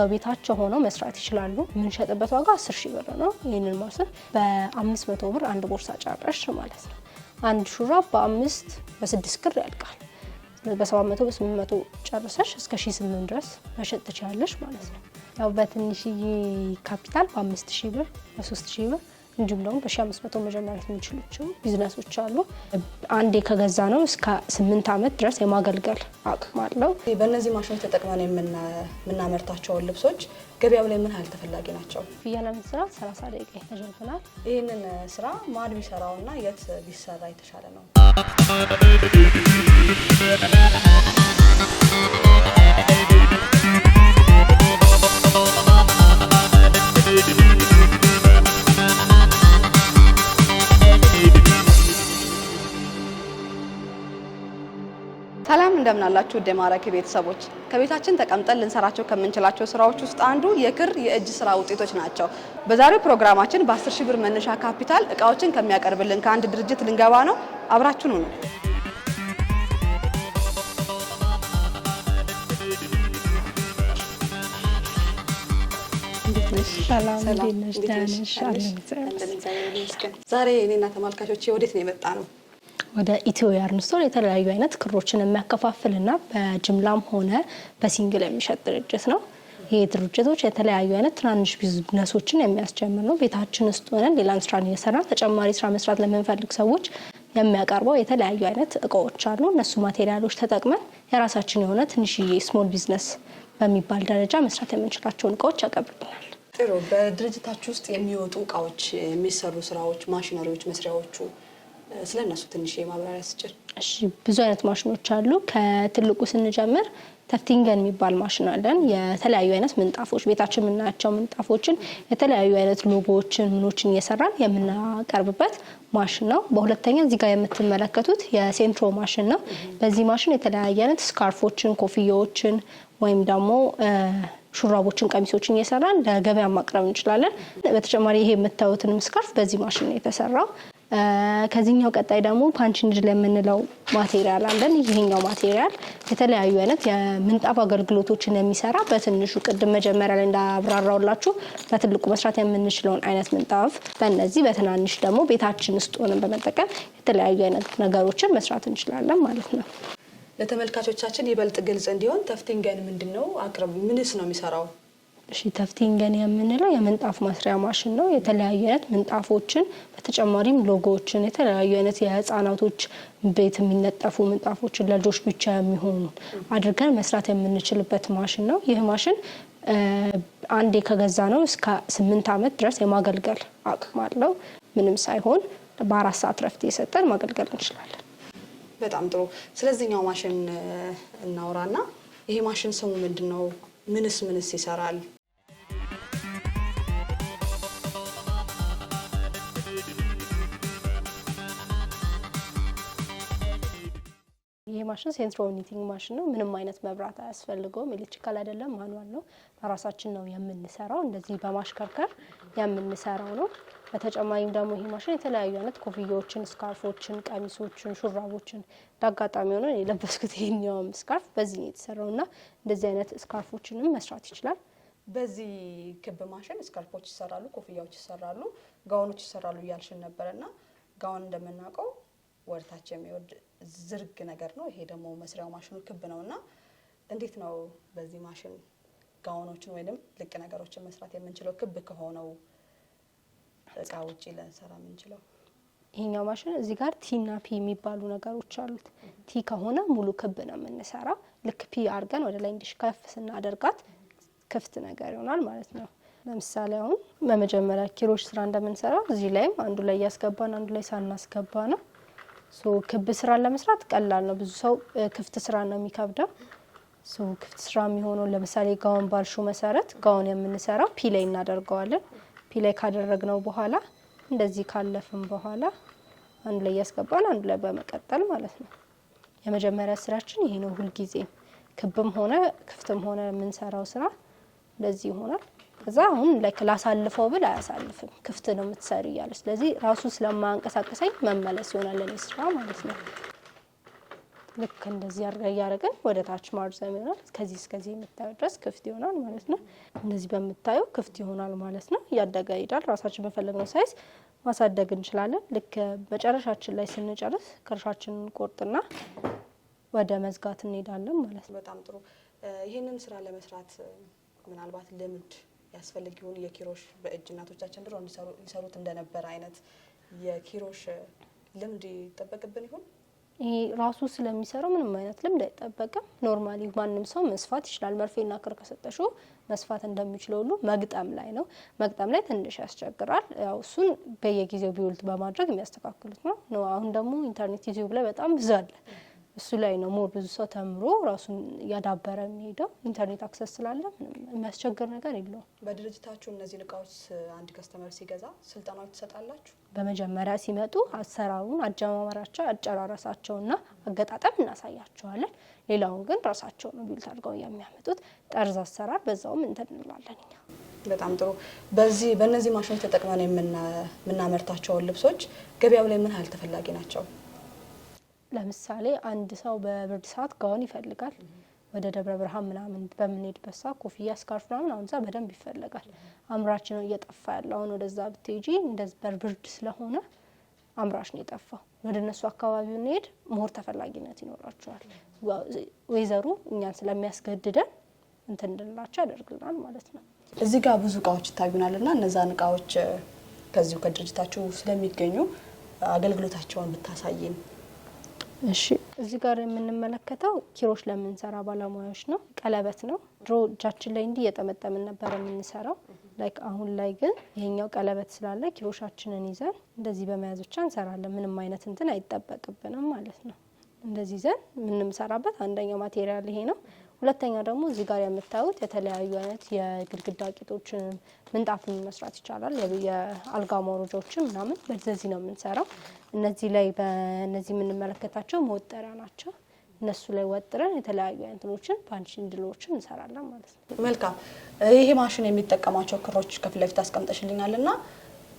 በቤታቸው ሆነው መስራት ይችላሉ። የምንሸጥበት ዋጋ አስር ሺህ ብር ነው። ይህንን ማስብ በአምስት መቶ ብር አንድ ቦርሳ ጨረሽ ማለት ነው። አንድ ሹራብ በአምስት በስድስት ክር ያልቃል። በሰባት መቶ በስምንት መቶ ጨርሰሽ እስከ ሺህ ስምንት ድረስ መሸጥ ትችላለሽ ማለት ነው። ያው በትንሽዬ ካፒታል በአምስት ሺህ ብር በሶስት ሺህ ብር እንዲሁም ደግሞ በ1500 መጀመሪያ የሚችሉቸው ቢዝነሶች አሉ። አንዴ ከገዛ ነው እስከ 8 ዓመት ድረስ የማገልገል አቅም አለው። በእነዚህ ማሽኖች ተጠቅመን የምናመርታቸውን ልብሶች ገበያው ላይ ምን ያህል ተፈላጊ ናቸው? ፍየለን ስራ 30 ደቂቃ ይፈጅብናል። ይህንን ስራ ማን ቢሰራውና የት ቢሰራ የተሻለ ነው? እንደምናላችሁ ውድ የማራኪ ቤተሰቦች ከቤታችን ተቀምጠን ልንሰራቸው ከምንችላቸው ስራዎች ውስጥ አንዱ የክር የእጅ ስራ ውጤቶች ናቸው። በዛሬው ፕሮግራማችን በ10 ሺህ ብር መነሻ ካፒታል እቃዎችን ከሚያቀርብልን ከአንድ ድርጅት ልንገባ ነው። አብራችሁን ነው ዛሬ እኔና ተመልካቾች ወዴት ነው የመጣ ነው? ወደ ኢትዮ ያርን ስቶር የተለያዩ አይነት ክሮችን የሚያከፋፍልና በጅምላም ሆነ በሲንግል የሚሸጥ ድርጅት ነው። ይህ ድርጅቶች የተለያዩ አይነት ትናንሽ ቢዝነሶችን የሚያስጀምር ነው። ቤታችን ውስጥ ሆነን ሌላን ስራን እየሰራ ተጨማሪ ስራ መስራት ለምንፈልግ ሰዎች የሚያቀርበው የተለያዩ አይነት እቃዎች አሉ። እነሱ ማቴሪያሎች ተጠቅመን የራሳችን የሆነ ትንሽዬ ስሞል ቢዝነስ በሚባል ደረጃ መስራት የምንችላቸውን እቃዎች ያቀርብልናል። ጥሩ። በድርጅታችሁ ውስጥ የሚወጡ እቃዎች፣ የሚሰሩ ስራዎች፣ ማሽነሪዎች፣ መስሪያዎቹ ስለ እነሱ ትንሽ የማብራሪያ ስጭር። እሺ፣ ብዙ አይነት ማሽኖች አሉ። ከትልቁ ስንጀምር ተፍቲንገን የሚባል ማሽን አለን። የተለያዩ አይነት ምንጣፎች ቤታችን የምናያቸው ምንጣፎችን የተለያዩ አይነት ሎጎዎችን ምኖችን እየሰራን የምናቀርብበት ማሽን ነው። በሁለተኛ እዚህ ጋር የምትመለከቱት የሴንትሮ ማሽን ነው። በዚህ ማሽን የተለያዩ አይነት ስካርፎችን፣ ኮፍያዎችን ወይም ደግሞ ሹራቦችን፣ ቀሚሶችን እየሰራን ለገበያ ማቅረብ እንችላለን። በተጨማሪ ይሄ የምታዩትን ስካርፍ በዚህ ማሽን ነው የተሰራው። ከዚህኛው ቀጣይ ደግሞ ፓንች ንድል የምንለው ማቴሪያል አለን። ይሄኛው ማቴሪያል የተለያዩ አይነት የምንጣፍ አገልግሎቶችን የሚሰራ በትንሹ ቅድም መጀመሪያ ላይ እንዳብራራውላችሁ በትልቁ መስራት የምንችለውን አይነት ምንጣፍ በእነዚህ በትናንሽ ደግሞ ቤታችን ውስጥ ሆነን በመጠቀም የተለያዩ አይነት ነገሮችን መስራት እንችላለን ማለት ነው። ለተመልካቾቻችን ይበልጥ ግልጽ እንዲሆን ተፍቲንገን ምንድን ነው አቅርብ ምንስ ነው የሚሰራው? እሺ ተፍቲንገን የምንለው የምንጣፍ ማስሪያ ማሽን ነው። የተለያዩ አይነት ምንጣፎችን በተጨማሪም ሎጎዎችን፣ የተለያዩ አይነት የህፃናቶች ቤት የሚነጠፉ ምንጣፎችን ለልጆች ብቻ የሚሆኑ አድርገን መስራት የምንችልበት ማሽን ነው። ይህ ማሽን አንዴ ከገዛ ነው እስከ ስምንት ዓመት ድረስ የማገልገል አቅም አለው። ምንም ሳይሆን በአራት ሰዓት ረፍት የሰጠን ማገልገል እንችላለን። በጣም ጥሩ። ስለዚህኛው ማሽን እናውራና ይሄ ማሽን ስሙ ምንድን ነው? ምንስ ምንስ ይሰራል? ማሽን ሴንትሮ ኒቲንግ ማሽን ነው። ምንም አይነት መብራት አያስፈልገውም። ኤሌክትሪካል አይደለም፣ ማኑዋል ነው። በራሳችን ነው የምንሰራው፣ እንደዚህ በማሽከርከር የምንሰራው ነው። በተጨማሪም ደግሞ ይሄ ማሽን የተለያዩ አይነት ኮፍያዎችን፣ ስካርፎችን፣ ቀሚሶችን፣ ሹራቦችን እንዳጋጣሚ ሆነ የለበስኩት ይሄኛውም ስካርፍ በዚህ ነው የተሰራው እና እንደዚህ አይነት ስካርፎችንም መስራት ይችላል። በዚህ ክብ ማሽን ስካርፎች ይሰራሉ፣ ኮፍያዎች ይሰራሉ፣ ጋውኖች ይሰራሉ እያልሽን ነበረ እና ጋውን እንደምናውቀው ወደታች የሚወርድ ዝርግ ነገር ነው። ይሄ ደግሞ መስሪያው ማሽኑ ክብ ነው እና እንዴት ነው በዚህ ማሽን ጋውኖችን ወይም ልቅ ነገሮችን መስራት የምንችለው? ክብ ከሆነው እቃ ውጪ ልንሰራ የምንችለው ይሄኛው ማሽን እዚህ ጋር ቲ እና ፒ የሚባሉ ነገሮች አሉት። ቲ ከሆነ ሙሉ ክብ ነው የምንሰራው። ልክ ፒ አድርገን ወደ ላይ እንዲሽከፍ ስናደርጋት ክፍት ነገር ይሆናል ማለት ነው። ለምሳሌ አሁን በመጀመሪያ ኪሮች ስራ እንደምንሰራ እዚህ ላይም አንዱ ላይ እያስገባን አንዱ ላይ ሳናስገባ ነው ሶ ክብ ስራን ለመስራት ቀላል ነው። ብዙ ሰው ክፍት ስራ ነው የሚከብደው። ክፍት ስራ የሚሆነው ለምሳሌ ጋውን ባልሹ መሰረት ጋውን የምንሰራው ፒ ላይ እናደርገዋለን። ፒ ላይ ካደረግነው በኋላ እንደዚህ ካለፍን በኋላ አንዱ ላይ እያስገባን አንዱ ላይ በመቀጠል ማለት ነው። የመጀመሪያ ስራችን ይሄ ነው። ሁልጊዜ ክብም ሆነ ክፍትም ሆነ የምንሰራው ስራ እንደዚህ ይሆናል። እዛ አሁን ላይክ ላሳልፈው ብል አያሳልፍም ክፍት ነው የምትሰሪ እያለ ስለዚህ ራሱ ስለማንቀሳቀሰኝ መመለስ ይሆናል እኔ ስራ ማለት ነው። ልክ እንደዚህ አድርጋ እያደረግን ወደ ታች ማርዘም ይሆናል። ከዚህ እስከዚህ የምታየው ድረስ ክፍት ይሆናል ማለት ነው። እንደዚህ በምታየው ክፍት ይሆናል ማለት ነው። እያደገ ይሄዳል። ራሳችን በፈለግነው ሳይዝ ማሳደግ እንችላለን። ልክ መጨረሻችን ላይ ስንጨርስ ክርሻችንን ቆርጥና ወደ መዝጋት እንሄዳለን ማለት ነው። በጣም ጥሩ። ይህንን ስራ ለመስራት ምናልባት ልምድ ያስፈልጊውን የኪሮሽ በእጅ እናቶቻችን ድሮ ሊሰሩት እንደነበረ አይነት የኪሮሽ ልምድ ይጠበቅብን ይሁን? ይሄ ራሱ ስለሚሰራው ምንም አይነት ልምድ አይጠበቅም። ኖርማሊ ማንም ሰው መስፋት ይችላል። መርፌና ክር ከሰጠሹ መስፋት እንደሚችለ ሁሉ መግጠም ላይ ነው። መግጠም ላይ ትንሽ ያስቸግራል። ያው እሱን በየጊዜው ቢውልት በማድረግ የሚያስተካክሉት ነው ነው። አሁን ደግሞ ኢንተርኔት ዩቲዩብ ላይ በጣም ብዙ አለ። እሱ ላይ ነው ሞር ብዙ ሰው ተምሮ ራሱን እያዳበረ የሚሄደው። ኢንተርኔት አክሰስ ስላለ የሚያስቸግር ነገር የለውም። በድርጅታችሁ እነዚህን እቃዎች አንድ ከስተመር ሲገዛ ስልጠናዎች ትሰጣላችሁ? በመጀመሪያ ሲመጡ አሰራሩን፣ አጀማመራቸው፣ አጨራረሳቸውና አገጣጠም እናሳያቸዋለን። ሌላውን ግን ራሳቸው ነው ቢልት አድርገው የሚያመጡት። ጠርዝ አሰራር በዛውም እንትን እንላለን እኛ። በጣም ጥሩ። በዚህ በእነዚህ ማሽኖች ተጠቅመን የምናመርታቸውን ልብሶች ገበያው ላይ ምን ያህል ተፈላጊ ናቸው? ለምሳሌ አንድ ሰው በብርድ ሰዓት ጋውን ይፈልጋል። ወደ ደብረ ብርሃን ምናምን በምንሄድበት ሰዓት ኮፍያ፣ ስካርፍ ምናምን አሁን ዛ በደንብ ይፈለጋል። አምራች ነው እየጠፋ ያለው። አሁን ወደዛ ብትጂ እንደዚህ ብርድ ስለሆነ አምራች ነው የጠፋው። ወደ እነሱ አካባቢ ብንሄድ ሞር ተፈላጊነት ይኖራቸዋል። ወይዘሩ እኛን ስለሚያስገድደን እንትን እንድንላቸው ያደርግልናል ማለት ነው። እዚህ ጋር ብዙ እቃዎች ይታዩናል እና እነዛን እቃዎች ከዚሁ ከድርጅታችሁ ስለሚገኙ አገልግሎታቸውን ብታሳይን እሺ እዚህ ጋር የምንመለከተው ኪሮሽ ለምንሰራ ባለሙያዎች ነው። ቀለበት ነው። ድሮ እጃችን ላይ እንዲህ እየጠመጠምን ነበር የምንሰራው። ላይክ አሁን ላይ ግን ይሄኛው ቀለበት ስላለ ኪሮሻችንን ይዘን እንደዚህ በመያዝ ብቻ እንሰራለን። ምንም አይነት እንትን አይጠበቅብንም ማለት ነው። እንደዚህ ይዘን የምንሰራበት አንደኛው ማቴሪያል ይሄ ነው። ሁለተኛ ደግሞ እዚህ ጋር የምታዩት የተለያዩ አይነት የግድግዳ ጌጦችን ምንጣፍን መስራት ይቻላል። የአልጋ መውረጃዎችን ምናምን በዚህ ነው የምንሰራው። እነዚህ ላይ በእነዚህ የምንመለከታቸው መወጠሪያ ናቸው። እነሱ ላይ ወጥረን የተለያዩ አይነትኖችን ፓንቺንግ ድሎችን እንሰራለን ማለት ነው። መልካም። ይሄ ማሽን የሚጠቀማቸው ክሮች ከፊት ለፊት አስቀምጠሽልኛል እና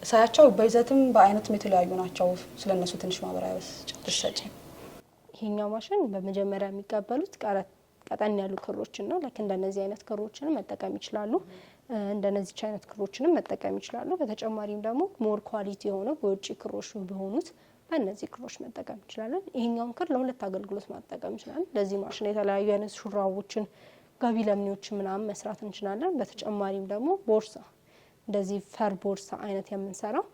ሳያቸው በይዘትም በአይነትም የተለያዩ ናቸው። ስለነሱ ትንሽ ማብራሪያ ሰጪ። ይሄኛው ማሽን በመጀመሪያ የሚቀበሉት ቀረት ቀጠን ያሉ ክሮችን ነው። ልክ እንደነዚህ አይነት ክሮችንም መጠቀም ይችላሉ። እንደነዚች አይነት ክሮችንም መጠቀም ይችላሉ። በተጨማሪም ደግሞ ሞር ኳሊቲ የሆነ በውጭ ክሮች በሆኑት በእነዚህ ክሮች መጠቀም ይችላለን። ይሄኛውን ክር ለሁለት አገልግሎት ማጠቀም ይችላል። ለዚህ ማሽን የተለያዩ አይነት ሹራቦችን፣ ጋቢ ለምኔዎችን ምናምን መስራት እንችላለን። በተጨማሪም ደግሞ ቦርሳ እንደዚህ ፈር ቦርሳ አይነት የምንሰራው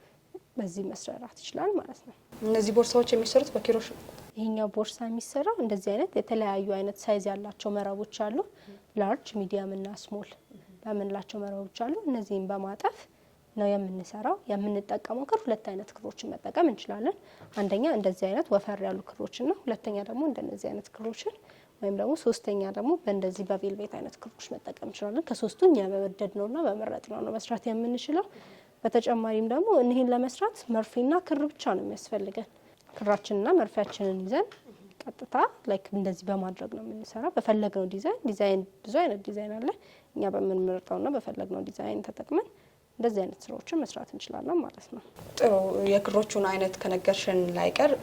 በዚህ መስራት ይችላል ማለት ነው። እነዚህ ቦርሳዎች የሚሰሩት በኪሮሽ ይሄኛው ቦርሳ የሚሰራው እንደዚህ አይነት የተለያዩ አይነት ሳይዝ ያላቸው መረቦች አሉ። ላርጅ፣ ሚዲየም እና ስሞል በምንላቸው መረቦች አሉ። እነዚህም በማጠፍ ነው የምንሰራው። የምንጠቀመው ክር ሁለት አይነት ክሮችን መጠቀም እንችላለን። አንደኛ እንደዚህ አይነት ወፈር ያሉ ክሮችን ነው። ሁለተኛ ደግሞ እንደነዚህ አይነት ክሮችን ወይም ደግሞ ሶስተኛ ደግሞ በእንደዚህ በቬልቬት አይነት ክሮች መጠቀም እንችላለን። ከሶስቱ እኛ በመደድ ና በመረጥ ነው ነው መስራት የምንችለው። በተጨማሪም ደግሞ እኒህን ለመስራት መርፌና ክር ብቻ ነው የሚያስፈልገን። ክራችንና መርፊያችንን ይዘን ቀጥታ ላይክ እንደዚህ በማድረግ ነው የምንሰራው። በፈለግነው ዲዛይን ዲዛይን ብዙ አይነት ዲዛይን አለ። እኛ በምንመርጠውና በፈለግነው ዲዛይን ተጠቅመን እንደዚህ አይነት ስራዎችን መስራት እንችላለን ማለት ነው። ጥሩ የክሮቹን አይነት ከነገርሽን ላይቀር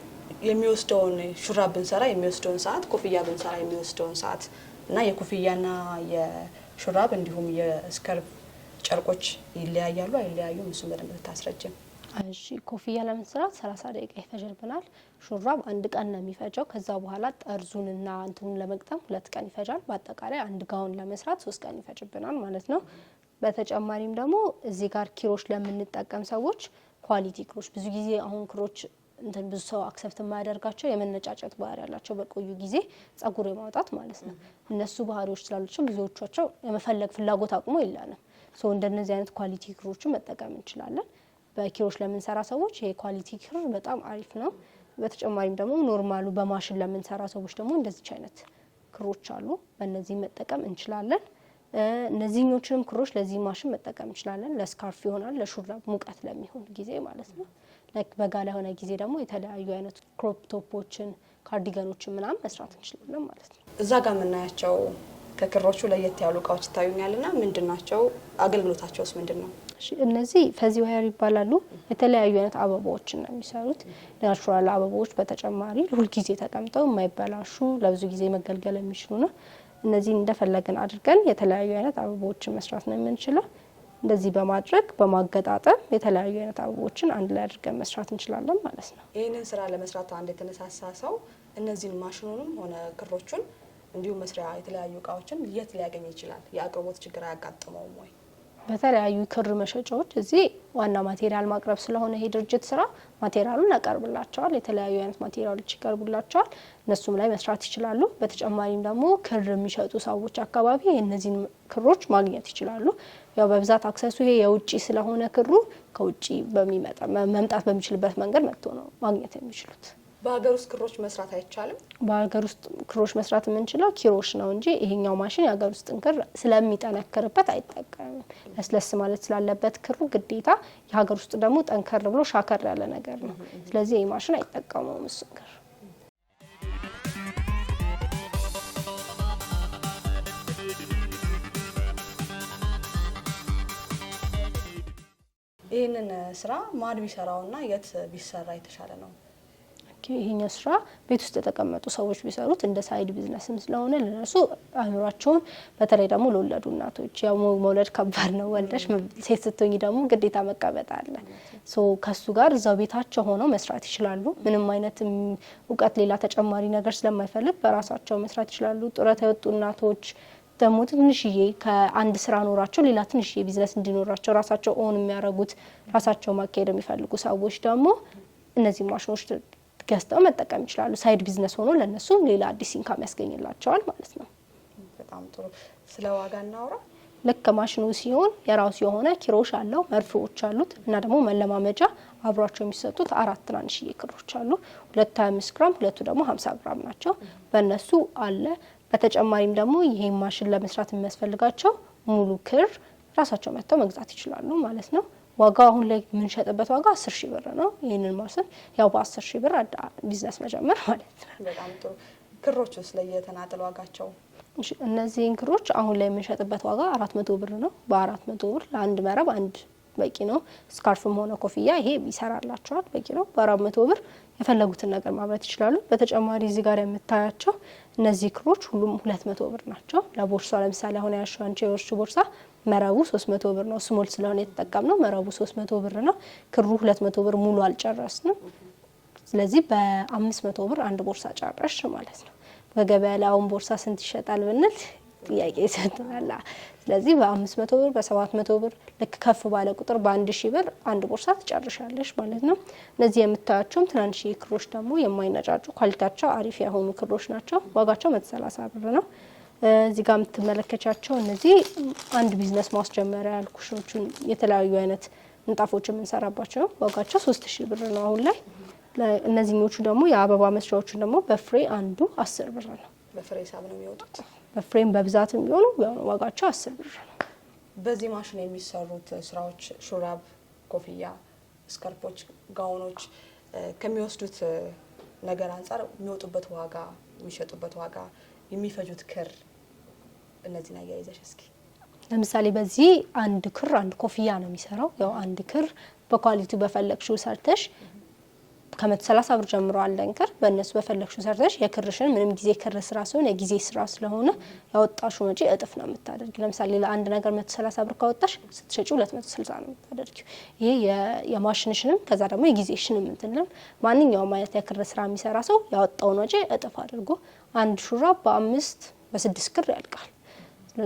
የሚወስደውን ሹራብ ብንሰራ የሚወስደውን ሰዓት፣ ኮፍያ ብንሰራ የሚወስደውን ሰዓት እና የኮፍያና የሹራብ እንዲሁም የስከርፍ ጨርቆች ይለያያሉ አይለያዩም? እሱን በደንብ ታስረጅም እሺ ኮፍያ ለመስራት ሰላሳ ደቂቃ ይፈጅብናል። ሹራብ አንድ ቀን ነው የሚፈጀው። ከዛ በኋላ ጠርዙንና እንትኑን ለመግጠም ሁለት ቀን ይፈጃል። በአጠቃላይ አንድ ጋውን ለመስራት ሶስት ቀን ይፈጅብናል ማለት ነው። በተጨማሪም ደግሞ እዚህ ጋር ኪሮች ለምንጠቀም ሰዎች ኳሊቲ ክሮች፣ ብዙ ጊዜ አሁን ክሮች እንትን ብዙ ሰው አክሰፕት የማያደርጋቸው የመነጫጨት ባህሪ ያላቸው በቆዩ ጊዜ ጸጉር የማውጣት ማለት ነው። እነሱ ባህሪዎች ስላላቸው ብዙዎቻቸው የመፈለግ ፍላጎት አቅሙ የለንም። እንደነዚህ አይነት ኳሊቲ ክሮችን መጠቀም እንችላለን። በኪሮች ለምንሰራ ሰዎች የኳሊቲ ኪሮች በጣም አሪፍ ነው። በተጨማሪም ደግሞ ኖርማሉ በማሽን ለምንሰራ ሰዎች ደግሞ እንደዚች አይነት ክሮች አሉ። በእነዚህ መጠቀም እንችላለን። እነዚህኞችንም ክሮች ለዚህ ማሽን መጠቀም እንችላለን። ለስካርፍ ይሆናል፣ ለሹራብ ሙቀት ለሚሆን ጊዜ ማለት ነው። በጋ ላይ የሆነ ጊዜ ደግሞ የተለያዩ አይነት ክሮፕ ቶፖችን፣ ካርዲገኖችን ምናምን መስራት እንችላለን ማለት ነው። እዛ ጋር የምናያቸው ከክሮቹ ለየት ያሉ እቃዎች ይታዩኛል ና ምንድን ናቸው? አገልግሎታቸውስ ምንድን ነው? እነዚህ ፈዚ ዋየር ይባላሉ። የተለያዩ አይነት አበባዎችን ነው የሚሰሩት። ናቹራል አበባዎች በተጨማሪ ሁልጊዜ ተቀምጠው የማይበላሹ ለብዙ ጊዜ መገልገል የሚችሉ ነው። እነዚህን እንደፈለግን አድርገን የተለያዩ አይነት አበባዎችን መስራት ነው የምንችለው። እንደዚህ በማድረግ በማገጣጠም የተለያዩ አይነት አበቦችን አንድ ላይ አድርገን መስራት እንችላለን ማለት ነው። ይህንን ስራ ለመስራት አንድ የተነሳሳ ሰው እነዚህን ማሽኑንም ሆነ ክሮቹን እንዲሁም መስሪያ የተለያዩ እቃዎችን የት ሊያገኝ ይችላል? የአቅርቦት ችግር አያጋጥመውም ወይ? በተለያዩ ክር መሸጫዎች እዚህ ዋና ማቴሪያል ማቅረብ ስለሆነ ይሄ ድርጅት ስራ ማቴሪያሉን ያቀርብላቸዋል። የተለያዩ አይነት ማቴሪያሎች ይቀርቡላቸዋል። እነሱም ላይ መስራት ይችላሉ። በተጨማሪም ደግሞ ክር የሚሸጡ ሰዎች አካባቢ እነዚህን ክሮች ማግኘት ይችላሉ። ያው በብዛት አክሰሱ ይሄ የውጭ ስለሆነ ክሩ ከውጭ በሚመጣ መምጣት በሚችልበት መንገድ መጥቶ ነው ማግኘት የሚችሉት። በሀገር ውስጥ ክሮች መስራት አይቻልም። በሀገር ውስጥ ክሮች መስራት የምንችለው ኪሮሽ ነው እንጂ ይሄኛው ማሽን የሀገር ውስጥን ክር ስለሚጠነክርበት አይጠቀምም። ለስለስ ማለት ስላለበት ክሩ ግዴታ የሀገር ውስጥ ደግሞ ጠንከር ብሎ ሻከር ያለ ነገር ነው። ስለዚህ ይህ ማሽን አይጠቀመውም እሱን ክር ይህንን ስራ ማን ቢሰራውና የት ቢሰራ የተሻለ ነው? ይሄኛው ስራ ቤት ውስጥ የተቀመጡ ሰዎች ቢሰሩት እንደ ሳይድ ቢዝነስም ስለሆነ ለነሱ አእምሯቸውን በተለይ ደግሞ ለወለዱ እናቶች ያው መውለድ ከባድ ነው። ወልደሽ ሴት ስትሆኝ ደግሞ ግዴታ መቀመጥ አለ። ከሱ ጋር እዛው ቤታቸው ሆነው መስራት ይችላሉ። ምንም አይነት እውቀት ሌላ ተጨማሪ ነገር ስለማይፈልግ በራሳቸው መስራት ይችላሉ። ጡረታ የወጡ እናቶች ደግሞ ትንሽዬ ከአንድ ስራ ኖራቸው ሌላ ትንሽዬ ቢዝነስ እንዲኖራቸው ራሳቸው ኦን የሚያደርጉት ራሳቸው ማካሄድ የሚፈልጉ ሰዎች ደግሞ እነዚህ ማሽኖች ገዝተው መጠቀም ይችላሉ። ሳይድ ቢዝነስ ሆኖ ለእነሱ ሌላ አዲስ ኢንካም ያስገኝላቸዋል ማለት ነው። በጣም ጥሩ። ስለ ዋጋ እናውራ። ልክ ማሽኑ ሲሆን የራሱ የሆነ ኪሮሽ አለው፣ መርፌዎች አሉት እና ደግሞ መለማመጃ አብሯቸው የሚሰጡት አራት ትናንሽዬ ክሮች አሉ። ሁለቱ 25 ግራም፣ ሁለቱ ደግሞ 50 ግራም ናቸው። በእነሱ አለ። በተጨማሪም ደግሞ ይሄን ማሽን ለመስራት የሚያስፈልጋቸው ሙሉ ክር ራሳቸው መጥተው መግዛት ይችላሉ ማለት ነው። ዋጋው አሁን ላይ የምንሸጥበት ዋጋ አስር ሺህ ብር ነው። ይህንን መውሰድ ያው በአስር ሺህ ብር ቢዝነስ መጀመር ማለት ነው። በጣም ጥሩ። ክሮች ውስጥ ላይ ዋጋቸው እነዚህን ክሮች አሁን ላይ የምንሸጥበት ዋጋ አራት መቶ ብር ነው። በአራት መቶ ብር ለአንድ መረብ አንድ በቂ ነው። ስካርፍም ሆነ ኮፍያ ይሄ ይሰራላቸዋል፣ በቂ ነው። በአራት መቶ ብር የፈለጉትን ነገር ማምረት ይችላሉ። በተጨማሪ እዚህ ጋር የምታያቸው እነዚህ ክሮች ሁሉም ሁለት መቶ ብር ናቸው። ለቦርሷ ለምሳሌ አሁን ያሸዋንቸው የወርሹ ቦርሳ መረቡ 300 ብር ነው። ስሞል ስለሆነ የተጠቀምነው መረቡ 300 ብር ነው። ክሩ 200 ብር ሙሉ አልጨረስንም። ስለዚህ በ500 ብር አንድ ቦርሳ ጨረሽ ማለት ነው። በገበያ ላይ አሁን ቦርሳ ስንት ይሸጣል ብንል ጥያቄ ይሰጥናል። ስለዚህ በ500 ብር በ700 ብር ልክ ከፍ ባለ ቁጥር በ1000 ብር አንድ ቦርሳ ትጨርሻለሽ ማለት ነው። እነዚህ የምታያቸውም ትናንሽ ክሮች ደግሞ የማይነጫጩ ኳሊቲያቸው አሪፍ የሆኑ ክሮች ናቸው። ዋጋቸው 130 ብር ነው። እዚህ ጋር የምትመለከቻቸው እነዚህ አንድ ቢዝነስ ማስጀመሪያ ያልኩሾቹን የተለያዩ አይነት ምንጣፎች የምንሰራባቸው ዋጋቸው ሶስት ሺህ ብር ነው አሁን ላይ። እነዚህኞቹ ደግሞ የአበባ መስሪያዎቹን ደግሞ በፍሬ አንዱ አስር ብር ነው። በፍሬ ሳብ ነው የሚወጡት። በፍሬም በብዛት የሚሆኑ ዋጋቸው አስር ብር ነው። በዚህ ማሽን የሚሰሩት ስራዎች ሹራብ፣ ኮፍያ፣ ስከርፖች፣ ጋውኖች ከሚወስዱት ነገር አንጻር የሚወጡበት ዋጋ፣ የሚሸጡበት ዋጋ፣ የሚፈጁት ክር እነዚህን አያይዘሽ እስኪ ለምሳሌ በዚህ አንድ ክር አንድ ኮፍያ ነው የሚሰራው። ያው አንድ ክር በኳሊቲው በፈለግሽው ሰርተሽ ከመቶ ሰላሳ ብር ጀምሮ አለን ክር በእነሱ በፈለግሽው ሰርተሽ የክርሽን ምንም ጊዜ ክር ስራ ሲሆን የጊዜ ስራ ስለሆነ ያወጣሹ ወጪ እጥፍ ነው የምታደርግ። ለምሳሌ ለአንድ ነገር መቶ ሰላሳ ብር ካወጣሽ ስትሸጪ ሁለት መቶ ስልሳ ነው የምታደርጊው። ይህ የማሽንሽንም ከዛ ደግሞ የጊዜሽንም ምትንለም ማንኛውም አይነት የክር ስራ የሚሰራ ሰው ያወጣውን ወጪ እጥፍ አድርጎ አንድ ሹራ በአምስት በስድስት ክር ያልቃል።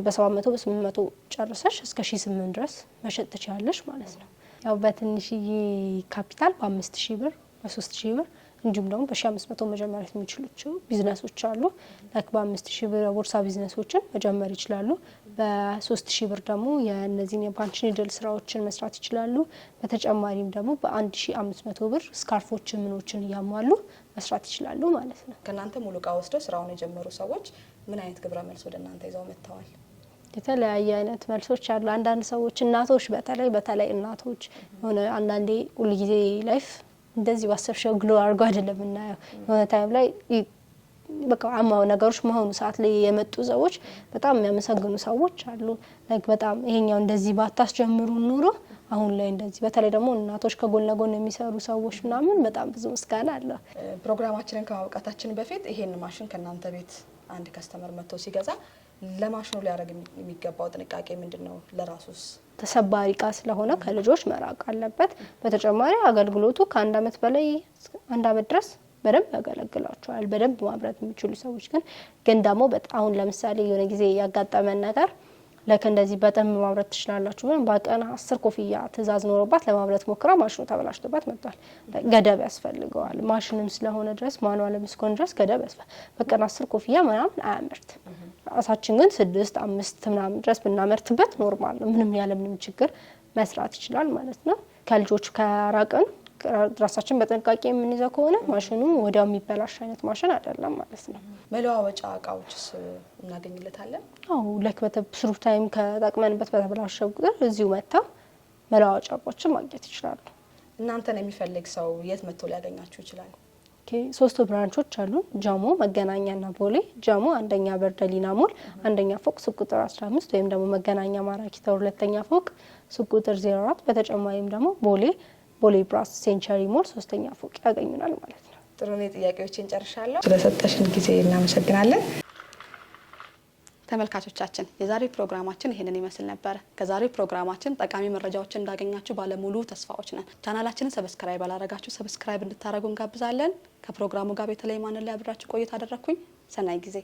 በሰባት መቶ በስምንት መቶ ጨርሰሽ እስከ ሺ ስምንት ድረስ መሸጥ ትችላለሽ ማለት ነው። ያው በትንሽዬ ካፒታል በአምስት ሺ ብር በሶስት ሺ ብር እንዲሁም ደግሞ በሺ አምስት መቶ መጀመር የሚችሉቸው ቢዝነሶች አሉ። ላይክ በአምስት ሺ ብር ቦርሳ ቢዝነሶችን መጀመር ይችላሉ። በሶስት ሺ ብር ደግሞ የእነዚህን የብራንች ኒድል ስራዎችን መስራት ይችላሉ። በተጨማሪም ደግሞ በአንድ ሺ አምስት መቶ ብር ስካርፎችን ምኖችን እያሟሉ መስራት ይችላሉ ማለት ነው። ከእናንተ ሙሉ እቃ ወስደው ስራውን የጀመሩ ሰዎች ምን አይነት ግብረ መልስ ወደ እናንተ ይዘው መጥተዋል? የተለያየ አይነት መልሶች አሉ። አንዳንድ ሰዎች እናቶች በተለይ በተለይ እናቶች የሆነ አንዳንዴ ሁልጊዜ ላይፍ እንደዚህ ባሰብሸው ግሎ አድርጎ አይደለም እናየው የሆነ ታይም ላይ በቃ አማው ነገሮች መሆኑ ሰዓት ላይ የመጡ ሰዎች በጣም የሚያመሰግኑ ሰዎች አሉ። ላይክ በጣም ይሄኛው እንደዚህ ባታስጀምሩ ኑሮ አሁን ላይ እንደዚህ በተለይ ደግሞ እናቶች ከጎን ለጎን የሚሰሩ ሰዎች ምናምን በጣም ብዙ ምስጋና አለ። ፕሮግራማችንን ከማብቃታችን በፊት ይሄን ማሽን ከእናንተ ቤት አንድ ከስተመር መጥቶ ሲገዛ ለማሽኑ ሊያደርግ የሚገባው ጥንቃቄ ምንድን ነው? ለራሱስ ተሰባሪ እቃ ስለሆነ ከልጆች መራቅ አለበት። በተጨማሪ አገልግሎቱ ከአንድ አመት በላይ አንድ አመት ድረስ በደንብ ያገለግላቸዋል። በደንብ ማምረት የሚችሉ ሰዎች ግን ግን ደግሞ አሁን ለምሳሌ የሆነ ጊዜ ያጋጠመን ነገር ለክ እንደዚህ በደንብ ማምረት ትችላላችሁ ብለን በቀን አስር ኮፍያ ትእዛዝ ኖሮባት ለማምረት ሞክራ ማሽኑ ተበላሽቶባት መጥቷል። ገደብ ያስፈልገዋል። ማሽንም ስለሆነ ድረስ ማንዋልም እስከሆነ ድረስ ገደብ ያስፈልጋል። በቀን አስር ኮፍያ ምናምን አያምርት። ራሳችን ግን ስድስት አምስት ምናምን ድረስ ብናመርትበት ኖርማል ነው። ምንም ያለምንም ችግር መስራት ይችላል ማለት ነው። ከልጆቹ ከራቅን ራሳችን በጥንቃቄ የምንይዘው ከሆነ ማሽኑ ወዲያው የሚበላሽ አይነት ማሽን አይደለም ማለት ነው። መለዋወጫ እቃዎች እናገኝለታለን? አዎ ላይክ በስሩ ታይም ከጠቅመንበት በተበላሸ ቁጥር እዚሁ መጥተው መለዋወጫ እቃዎችን ማግኘት ይችላሉ። እናንተን የሚፈልግ ሰው የት መጥቶ ሊያገኛችሁ ይችላል? ሶስቱ ብራንቾች አሉ ጃሞ መገናኛና ቦሌ። ጃሞ አንደኛ በርደሊና ሞል አንደኛ ፎቅ ሱቅ ቁጥር 15 ወይም ደግሞ መገናኛ ማራኪ ተር ሁለተኛ ፎቅ ሱቅ ቁጥር 04። በተጨማሪም ደግሞ ቦሌ ቦሌ ብራስ ሴንቸሪ ሞል ሶስተኛ ፎቅ ያገኙናል ማለት ነው። ጥሩ ነው። ጥያቄዎችን ጨርሻለሁ። ስለሰጠሽን ጊዜ እናመሰግናለን። ተመልካቾቻችን የዛሬ ፕሮግራማችን ይህንን ይመስል ነበር። ከዛሬ ፕሮግራማችን ጠቃሚ መረጃዎችን እንዳገኛችሁ ባለሙሉ ተስፋዎች ነን። ቻናላችንን ሰብስክራይብ አላረጋችሁ ሰብስክራይብ እንድታደረጉ እንጋብዛለን። ከፕሮግራሙ ጋር በተለይ ማንን ላይ አብራችሁ ቆይታ አደረግኩኝ። ሰናይ ጊዜ